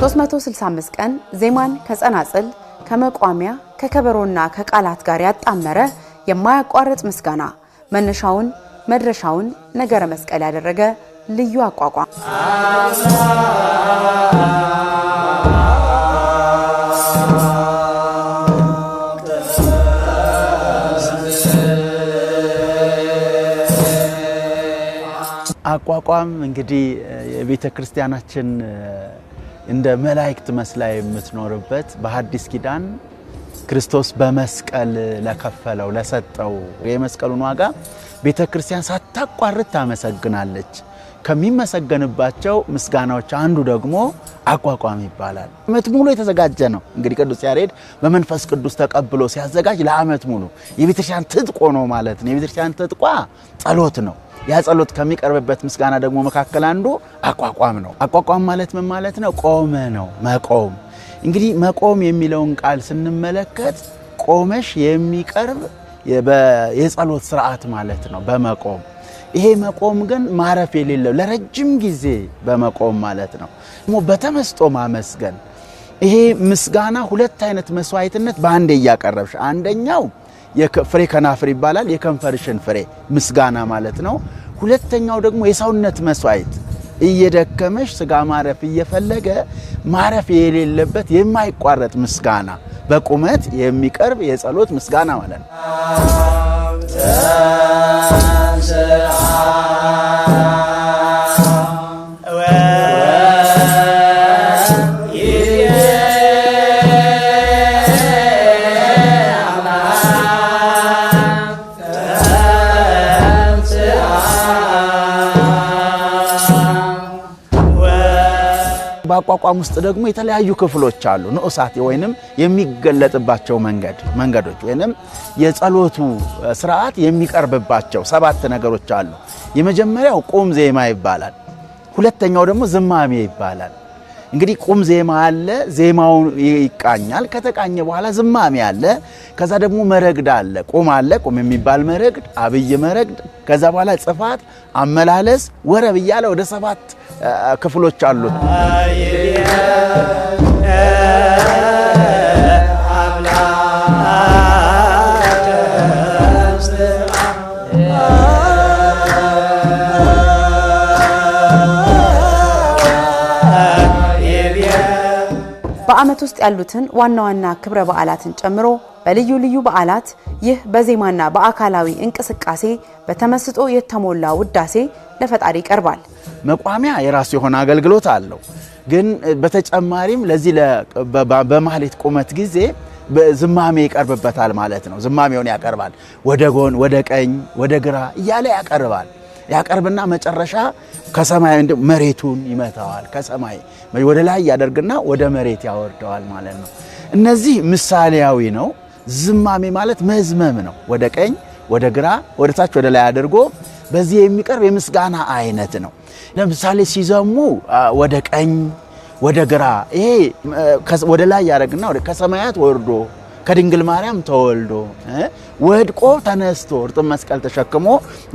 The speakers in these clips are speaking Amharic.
365 ቀን ዜማን ከጸናጽል ከመቋሚያ ከከበሮና ከቃላት ጋር ያጣመረ የማያቋርጥ ምስጋና መነሻውን መድረሻውን ነገረ መስቀል ያደረገ ልዩ አቋቋም አቋቋም እንግዲህ የቤተ ክርስቲያናችን እንደ መላእክት መስላ የምትኖርበት በሐዲስ ኪዳን ክርስቶስ በመስቀል ለከፈለው ለሰጠው የመስቀሉን ዋጋ ቤተ ክርስቲያን ሳታቋርጥ ታመሰግናለች። ከሚመሰገንባቸው ምስጋናዎች አንዱ ደግሞ አቋቋም ይባላል። ዓመት ሙሉ የተዘጋጀ ነው። እንግዲህ ቅዱስ ያሬድ በመንፈስ ቅዱስ ተቀብሎ ሲያዘጋጅ ለዓመት ሙሉ የቤተክርስቲያን ትጥቆ ነው ማለት ነው። የቤተክርስቲያን ትጥቋ ጸሎት ነው። ያ ጸሎት ከሚቀርብበት ምስጋና ደግሞ መካከል አንዱ አቋቋም ነው። አቋቋም ማለት ምን ማለት ነው? ቆመ ነው መቆም። እንግዲህ መቆም የሚለውን ቃል ስንመለከት ቆመሽ የሚቀርብ የጸሎት ስርዓት ማለት ነው በመቆም ይሄ መቆም ግን ማረፍ የሌለው ለረጅም ጊዜ በመቆም ማለት ነው። ደግሞ በተመስጦ ማመስገን ይሄ ምስጋና ሁለት አይነት መስዋዕትነት በአንዴ እያቀረብሽ፣ አንደኛው ፍሬ ከናፍር ይባላል። የከንፈርሽን ፍሬ ምስጋና ማለት ነው። ሁለተኛው ደግሞ የሰውነት መስዋዕት እየደከመሽ ስጋ ማረፍ እየፈለገ ማረፍ የሌለበት የማይቋረጥ ምስጋና በቁመት የሚቀርብ የጸሎት ምስጋና ማለት ነው። አቋቋም ውስጥ ደግሞ የተለያዩ ክፍሎች አሉ። ንዑሳት ወይንም የሚገለጥባቸው መንገድ መንገዶች ወይንም የጸሎቱ ስርዓት የሚቀርብባቸው ሰባት ነገሮች አሉ። የመጀመሪያው ቁም ዜማ ይባላል። ሁለተኛው ደግሞ ዝማሜ ይባላል። እንግዲህ ቁም ዜማ አለ፣ ዜማው ይቃኛል። ከተቃኘ በኋላ ዝማሜ አለ። ከዛ ደግሞ መረግድ አለ። ቁም አለ፣ ቁም የሚባል መረግድ፣ አብይ መረግድ። ከዛ በኋላ ጽፋት፣ አመላለስ፣ ወረብ እያለ ወደ ሰባት ክፍሎች አሉት። በዓመት ውስጥ ያሉትን ዋና ዋና ክብረ በዓላትን ጨምሮ በልዩ ልዩ በዓላት ይህ በዜማና በአካላዊ እንቅስቃሴ በተመስጦ የተሞላ ውዳሴ ለፈጣሪ ይቀርባል። መቋሚያ የራሱ የሆነ አገልግሎት አለው። ግን በተጨማሪም ለዚህ በማህሌት ቁመት ጊዜ ዝማሜ ይቀርብበታል ማለት ነው። ዝማሜውን ያቀርባል። ወደ ጎን፣ ወደ ቀኝ፣ ወደ ግራ እያለ ያቀርባል። ያቀርብና መጨረሻ ከሰማይ መሬቱን ይመታዋል። ከሰማይ ወደ ላይ ያደርግና ወደ መሬት ያወርደዋል ማለት ነው። እነዚህ ምሳሌያዊ ነው። ዝማሜ ማለት መዝመም ነው። ወደ ቀኝ፣ ወደ ግራ፣ ወደ ታች፣ ወደ ላይ አድርጎ በዚህ የሚቀርብ የምስጋና አይነት ነው። ለምሳሌ ሲዘሙ ወደ ቀኝ፣ ወደ ግራ፣ ይሄ ወደ ላይ ያደርግና ከሰማያት ወርዶ ከድንግል ማርያም ተወልዶ ወድቆ ተነስቶ እርጥብ መስቀል ተሸክሞ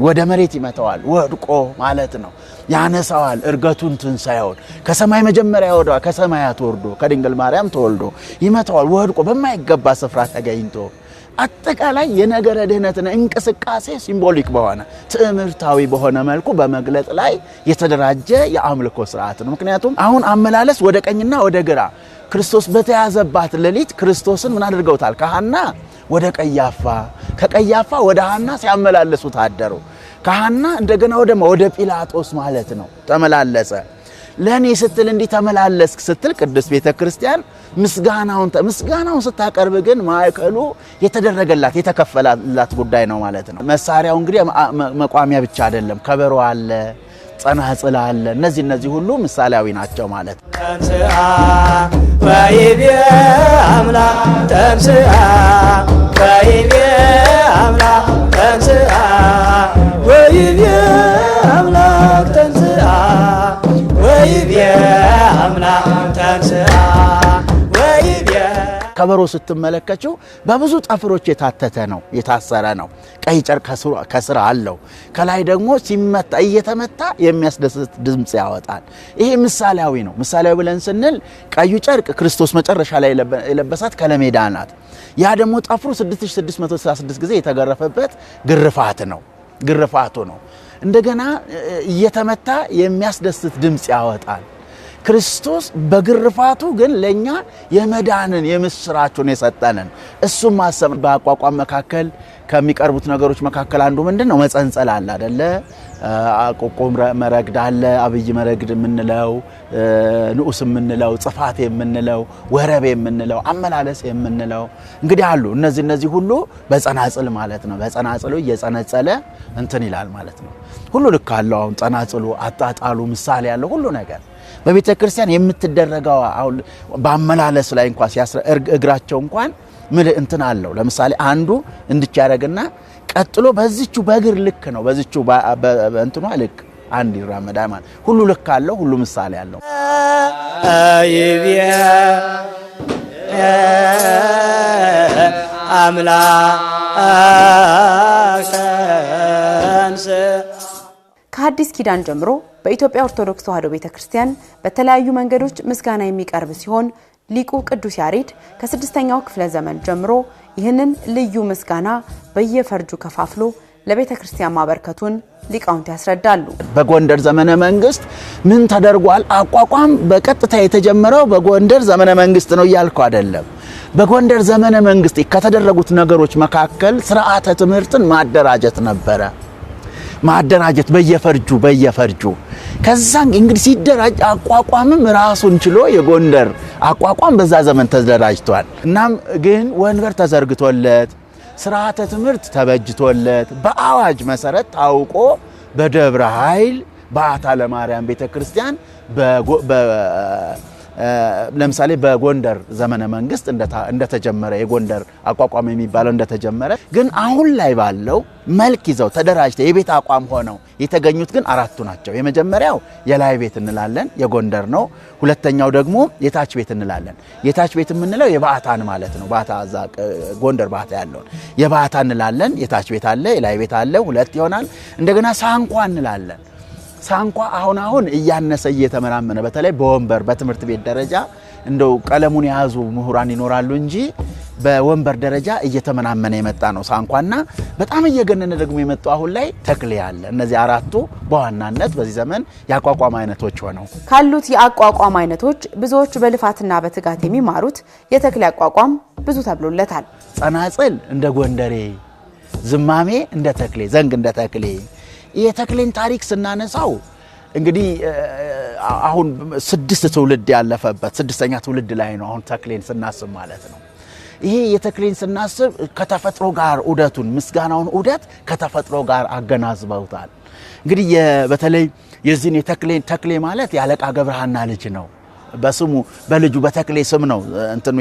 ወደ መሬት ይመታዋል። ወድቆ ማለት ነው። ያነሳዋል፣ እርገቱን ትንሣኤውን ከሰማይ መጀመሪያ ወደዋ ከሰማያት ወርዶ ከድንግል ማርያም ተወልዶ ይመታዋል። ወድቆ በማይገባ ስፍራ ተገኝቶ አጠቃላይ የነገረ ድህነትን እንቅስቃሴ ሲምቦሊክ በሆነ ትምህርታዊ በሆነ መልኩ በመግለጥ ላይ የተደራጀ የአምልኮ ስርዓት ነው። ምክንያቱም አሁን አመላለስ ወደ ቀኝና ወደ ግራ ክርስቶስ በተያዘባት ሌሊት ክርስቶስን ምን አድርገውታል? ከሐና ወደ ቀያፋ ከቀያፋ ወደ ሐና ሲያመላለሱ ታደሩ። ከሐና እንደገና ወደ ወደ ጲላጦስ ማለት ነው ተመላለሰ። ለእኔ ስትል እንዲህ ተመላለስክ ስትል ቅዱስ ቤተ ክርስቲያን ምስጋናውን ምስጋናውን ስታቀርብ ግን ማዕከሉ የተደረገላት የተከፈላላት ጉዳይ ነው ማለት ነው። መሳሪያው እንግዲህ መቋሚያ ብቻ አይደለም። ከበሮ አለ፣ ጸናጽል አለ። እነዚህ እነዚህ ሁሉ ምሳሌያዊ ናቸው ማለት ነው። ከበሮ ስትመለከችው በብዙ ጠፍሮች የታተተ ነው፣ የታሰረ ነው። ቀይ ጨርቅ ከስር አለው። ከላይ ደግሞ ሲመታ እየተመታ የሚያስደስት ድምፅ ያወጣል። ይሄ ምሳሌያዊ ነው። ምሳሌያዊ ብለን ስንል ቀዩ ጨርቅ ክርስቶስ መጨረሻ ላይ የለበሳት ከለሜዳ ናት። ያ ደግሞ ጠፍሩ 6666 ጊዜ የተገረፈበት ግርፋት ነው፣ ግርፋቱ ነው። እንደገና እየተመታ የሚያስደስት ድምፅ ያወጣል። ክርስቶስ በግርፋቱ ግን ለእኛ የመዳንን የምስራቹን የሰጠንን እሱም ማሰብ በአቋቋም መካከል ከሚቀርቡት ነገሮች መካከል አንዱ ምንድን ነው? መጸንጸል አለ አደለ? አቆቆ መረግድ አለ፣ አብይ መረግድ የምንለው ንዑስ የምንለው ጽፋት የምንለው ወረብ የምንለው አመላለስ የምንለው እንግዲህ አሉ። እነዚህ እነዚህ ሁሉ በጸናጽል ማለት ነው። በጸናጽሉ እየጸነጸለ እንትን ይላል ማለት ነው። ሁሉ ልክ አለው። አሁን ጸናጽሉ፣ አጣጣሉ፣ ምሳሌ ያለው ሁሉ ነገር በቤተ ክርስቲያን የምትደረገው አሁን በአመላለስ ላይ እንኳን ሲያስረ እግራቸው እንኳን ምን እንትን አለው። ለምሳሌ አንዱ እንድች ያደረግና ቀጥሎ በዚቹ በእግር ልክ ነው በዚቹ በእንትኗ ልክ አንድ ይራመዳል ማለት ሁሉ ልክ አለው። ሁሉ ምሳሌ አለው። ይብየ አምላክ ከሐዲስ ኪዳን ጀምሮ በኢትዮጵያ ኦርቶዶክስ ተዋሕዶ ቤተክርስቲያን በተለያዩ መንገዶች ምስጋና የሚቀርብ ሲሆን ሊቁ ቅዱስ ያሬድ ከስድስተኛው ክፍለ ዘመን ጀምሮ ይህንን ልዩ ምስጋና በየፈርጁ ከፋፍሎ ለቤተ ክርስቲያን ማበርከቱን ሊቃውንት ያስረዳሉ። በጎንደር ዘመነ መንግስት ምን ተደርጓል? አቋቋም በቀጥታ የተጀመረው በጎንደር ዘመነ መንግስት ነው እያልኩ አይደለም። በጎንደር ዘመነ መንግስት ከተደረጉት ነገሮች መካከል ስርዓተ ትምህርትን ማደራጀት ነበረ። ማደራጀት በየፈርጁ በየፈርጁ ከዛ እንግዲህ ሲደራጅ አቋቋምም ራሱን ችሎ የጎንደር አቋቋም በዛ ዘመን ተደራጅቷል። እናም ግን ወንበር ተዘርግቶለት ስርዓተ ትምህርት ተበጅቶለት በአዋጅ መሰረት ታውቆ በደብረ ኃይል በአታ ለማርያም ቤተ ክርስቲያን ለምሳሌ በጎንደር ዘመነ መንግስት እንደተጀመረ የጎንደር አቋቋም የሚባለው እንደተጀመረ፣ ግን አሁን ላይ ባለው መልክ ይዘው ተደራጅተው የቤት አቋም ሆነው የተገኙት ግን አራቱ ናቸው። የመጀመሪያው የላይ ቤት እንላለን የጎንደር ነው። ሁለተኛው ደግሞ የታች ቤት እንላለን። የታች ቤት የምንለው የባዕታን ማለት ነው። ባዕታ ጎንደር ባዕታ ያለውን የባዕታ እንላለን። የታች ቤት አለ፣ የላይ ቤት አለ፣ ሁለት ይሆናል። እንደገና ሳንኳ እንላለን ሳንኳ አሁን አሁን እያነሰ እየተመናመነ በተለይ በወንበር በትምህርት ቤት ደረጃ እንደው ቀለሙን የያዙ ምሁራን ይኖራሉ እንጂ በወንበር ደረጃ እየተመናመነ የመጣ ነው ሳንኳና በጣም እየገነነ ደግሞ የመጡ አሁን ላይ ተክሌ ያለ። እነዚህ አራቱ በዋናነት በዚህ ዘመን የአቋቋም አይነቶች ሆነው ካሉት የአቋቋም አይነቶች ብዙዎች በልፋትና በትጋት የሚማሩት የተክሌ አቋቋም ብዙ ተብሎለታል። ጸናጽል እንደ ጎንደሬ፣ ዝማሜ እንደ ተክሌ፣ ዘንግ እንደ ተክሌ የተክሌን ታሪክ ስናነሳው እንግዲህ አሁን ስድስት ትውልድ ያለፈበት ስድስተኛ ትውልድ ላይ ነው። አሁን ተክሌን ስናስብ ማለት ነው። ይሄ የተክሌን ስናስብ ከተፈጥሮ ጋር ዑደቱን ምስጋናውን ዑደት ከተፈጥሮ ጋር አገናዝበውታል። እንግዲህ በተለይ የዚህን የተክሌን ተክሌ ማለት የአለቃ ገብረሃና ልጅ ነው። በስሙ በልጁ በተክሌ ስም ነው እንትኑ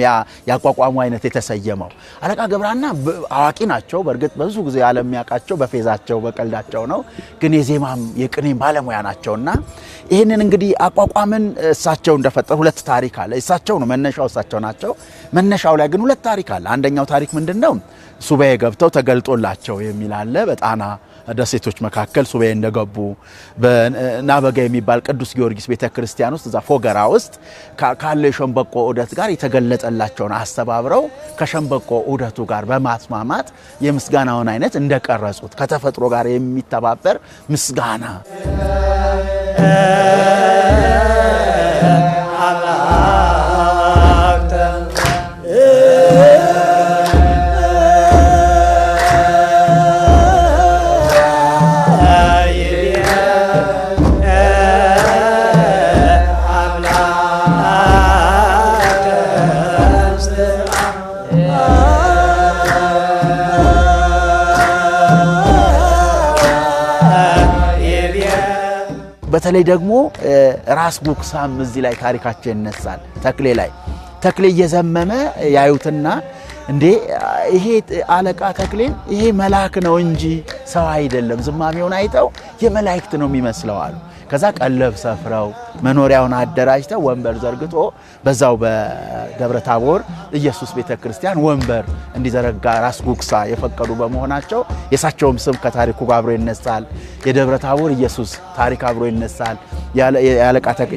ያቋቋሙ አይነት የተሰየመው። አለቃ ገብረሃና አዋቂ ናቸው። በእርግጥ በብዙ ጊዜ ዓለም የሚያውቃቸው በፌዛቸው በቀልዳቸው ነው፣ ግን የዜማም የቅኔ ባለሙያ ናቸው እና ይህንን እንግዲህ አቋቋምን እሳቸው እንደፈጠሩ ሁለት ታሪክ አለ። እሳቸው ነው መነሻው፣ እሳቸው ናቸው መነሻው ላይ ግን ሁለት ታሪክ አለ። አንደኛው ታሪክ ምንድን ነው? ሱባኤ ገብተው ተገልጦላቸው የሚል አለ በጣና ደሴቶች መካከል ሱባኤ እንደገቡ በናበጋ የሚባል ቅዱስ ጊዮርጊስ ቤተ ክርስቲያን ውስጥ እዛ ፎገራ ውስጥ ካለው የሸንበቆ ዑደት ጋር የተገለጠላቸውን አስተባብረው ከሸንበቆ ዑደቱ ጋር በማስማማት የምስጋናውን አይነት እንደቀረጹት ከተፈጥሮ ጋር የሚተባበር ምስጋና በተለይ ደግሞ ራስ ጉክሳም እዚህ ላይ ታሪካቸው ይነሳል። ተክሌ ላይ ተክሌ እየዘመመ ያዩትና እንዴ ይሄ አለቃ ተክሌን ይሄ መልአክ ነው እንጂ ሰው አይደለም፣ ዝማሜውን አይተው የመላእክት ነው የሚመስለው አሉ። ከዛ ቀለብ ሰፍረው መኖሪያውን አደራጅተው ወንበር ዘርግቶ በዛው በደብረ ታቦር ኢየሱስ ቤተ ክርስቲያን ወንበር እንዲዘረጋ ራስ ጉግሳ የፈቀዱ በመሆናቸው የእሳቸውም ስም ከታሪኩ አብሮ ይነሳል። የደብረ ታቦር ኢየሱስ ታሪክ አብሮ ይነሳል።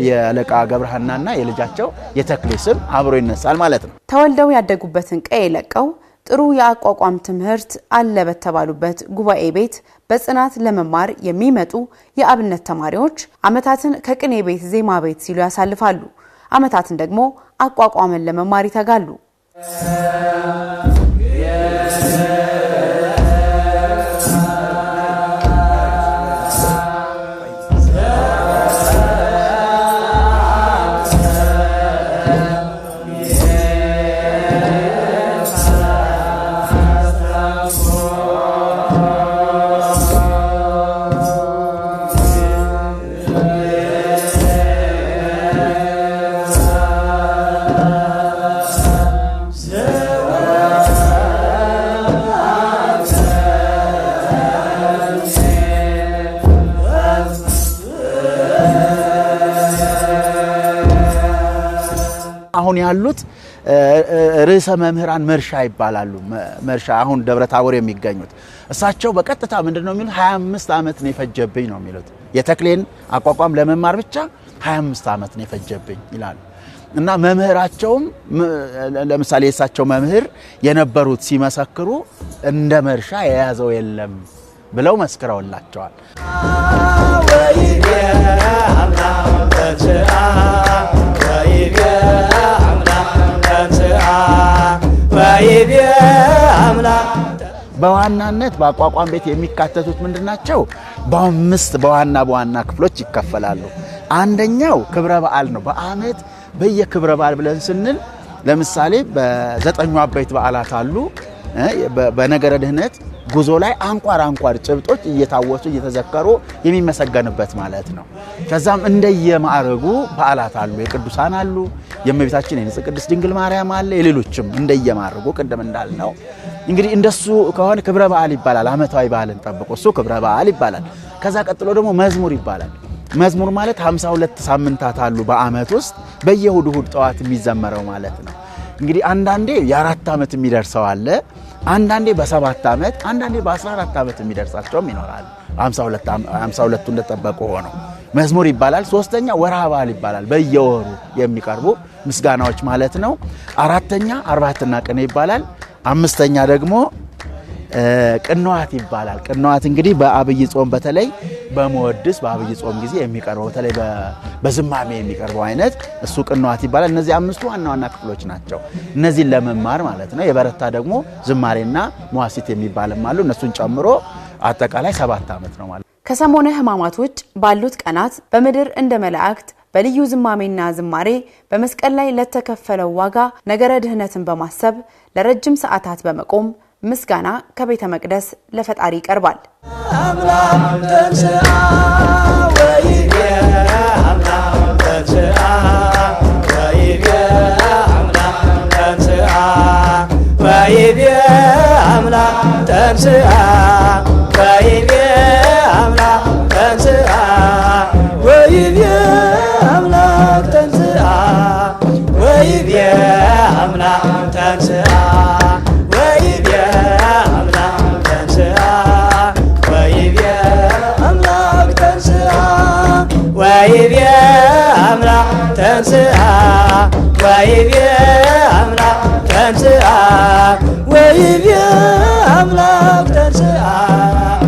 የአለቃ ገብረሃናና የልጃቸው የተክሌ ስም አብሮ ይነሳል ማለት ነው። ተወልደው ያደጉበትን ቀይ ለቀው ጥሩ የአቋቋም ትምህርት አለ በተባሉበት ጉባኤ ቤት በጽናት ለመማር የሚመጡ የአብነት ተማሪዎች ዓመታትን ከቅኔ ቤት፣ ዜማ ቤት ሲሉ ያሳልፋሉ። ዓመታትን ደግሞ አቋቋምን ለመማር ይተጋሉ። አሁን ያሉት ርዕሰ መምህራን መርሻ ይባላሉ። መርሻ አሁን ደብረ ታቦር የሚገኙት እሳቸው በቀጥታ ምንድን ነው የሚሉት 25 ዓመት ነው የፈጀብኝ ነው የሚሉት የተክሌን አቋቋም ለመማር ብቻ 25 ዓመት ነው የፈጀብኝ ይላሉ። እና መምህራቸውም ለምሳሌ የእሳቸው መምህር የነበሩት ሲመሰክሩ እንደ መርሻ የያዘው የለም ብለው መስክረውላቸዋል። በዋናነት በአቋቋም ቤት የሚካተቱት ምንድን ናቸው? በአምስት በዋና በዋና ክፍሎች ይከፈላሉ። አንደኛው ክብረ በዓል ነው። በአመት በየክብረ በዓል ብለን ስንል ለምሳሌ በዘጠኙ አበይት በዓላት አሉ። በነገረ ድህነት ጉዞ ላይ አንኳር አንኳር ጭብጦች እየታወሱ እየተዘከሩ የሚመሰገንበት ማለት ነው። ከዛም እንደየማዕረጉ በዓላት አሉ። የቅዱሳን አሉ፣ የእመቤታችን የንጽሕት ቅድስት ድንግል ማርያም አለ፣ የሌሎችም እንደየማዕረጉ ቅድም እንዳልነው እንግዲህ እንደሱ ከሆነ ክብረ በዓል ይባላል። አመታዊ በዓልን ጠብቆ እሱ ክብረ በዓል ይባላል። ከዛ ቀጥሎ ደግሞ መዝሙር ይባላል። መዝሙር ማለት 52 ሳምንታት አሉ በአመት ውስጥ በየእሁድ እሁድ ጠዋት የሚዘመረው ማለት ነው። እንግዲህ አንዳንዴ የአራት ዓመት የሚደርሰው አለ፣ አንዳንዴ በሰባት ዓመት አንዳንዴ በ14 ዓመት የሚደርሳቸውም ይኖራል። እንደጠበቁ ሆነው መዝሙር ይባላል። ሶስተኛ ወርሃ በዓል ይባላል። በየወሩ የሚቀርቡ ምስጋናዎች ማለት ነው። አራተኛ አርባትና ቅኔ ይባላል። አምስተኛ ደግሞ ቅንዋት ይባላል። ቅንዋት እንግዲህ በአብይ ጾም በተለይ በመወድስ በአብይ ጾም ጊዜ የሚቀርበው በተለይ በዝማሜ የሚቀርበው አይነት እሱ ቅንዋት ይባላል። እነዚህ አምስቱ ዋና ዋና ክፍሎች ናቸው። እነዚህን ለመማር ማለት ነው። የበረታ ደግሞ ዝማሬና መዋሲት የሚባልም አሉ። እነሱን ጨምሮ አጠቃላይ ሰባት ዓመት ነው ማለት ከሰሞነ ሕማማት ውጭ ባሉት ቀናት በምድር እንደ መላእክት በልዩ ዝማሜና ዝማሬ በመስቀል ላይ ለተከፈለው ዋጋ ነገረ ድህነትን በማሰብ ለረጅም ሰዓታት በመቆም ምስጋና ከቤተ መቅደስ ለፈጣሪ ይቀርባል። አምላክ ተንስአ ወይቤ አምላክ ተንስአ ወይቤ አምላክ ተንስአ